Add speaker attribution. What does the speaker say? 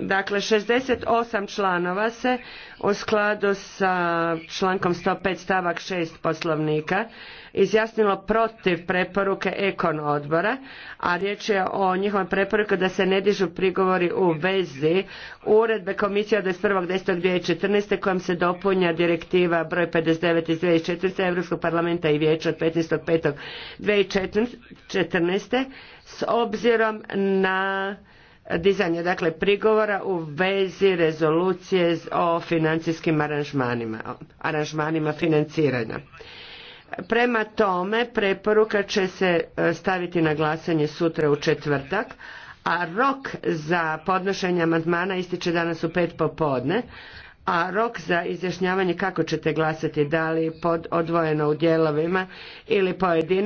Speaker 1: Dakle, 68 članova se u skladu sa člankom 105 stavak 6 poslovnika izjasnilo protiv preporuke Ekon odbora, a riječ je o njihovoj preporuci da se ne dižu prigovori u vezi uredbe komisije od fourteen kojom se dopunja direktiva broj 59 iz 2014. Europskog parlamenta i vijeća od fourteen s obzirom na dizanje dakle prigovora u vezi rezolucije o financijskim aranžmanima, aranžmanima financiranja. Prema tome, preporuka će se e, staviti na glasanje sutra u četvrtak, a rok za podnošenje amandmana ističe danas u pet popodne, a rok za izjašnjavanje kako ćete glasati, da li pod odvojeno u dijelovima ili pojedine,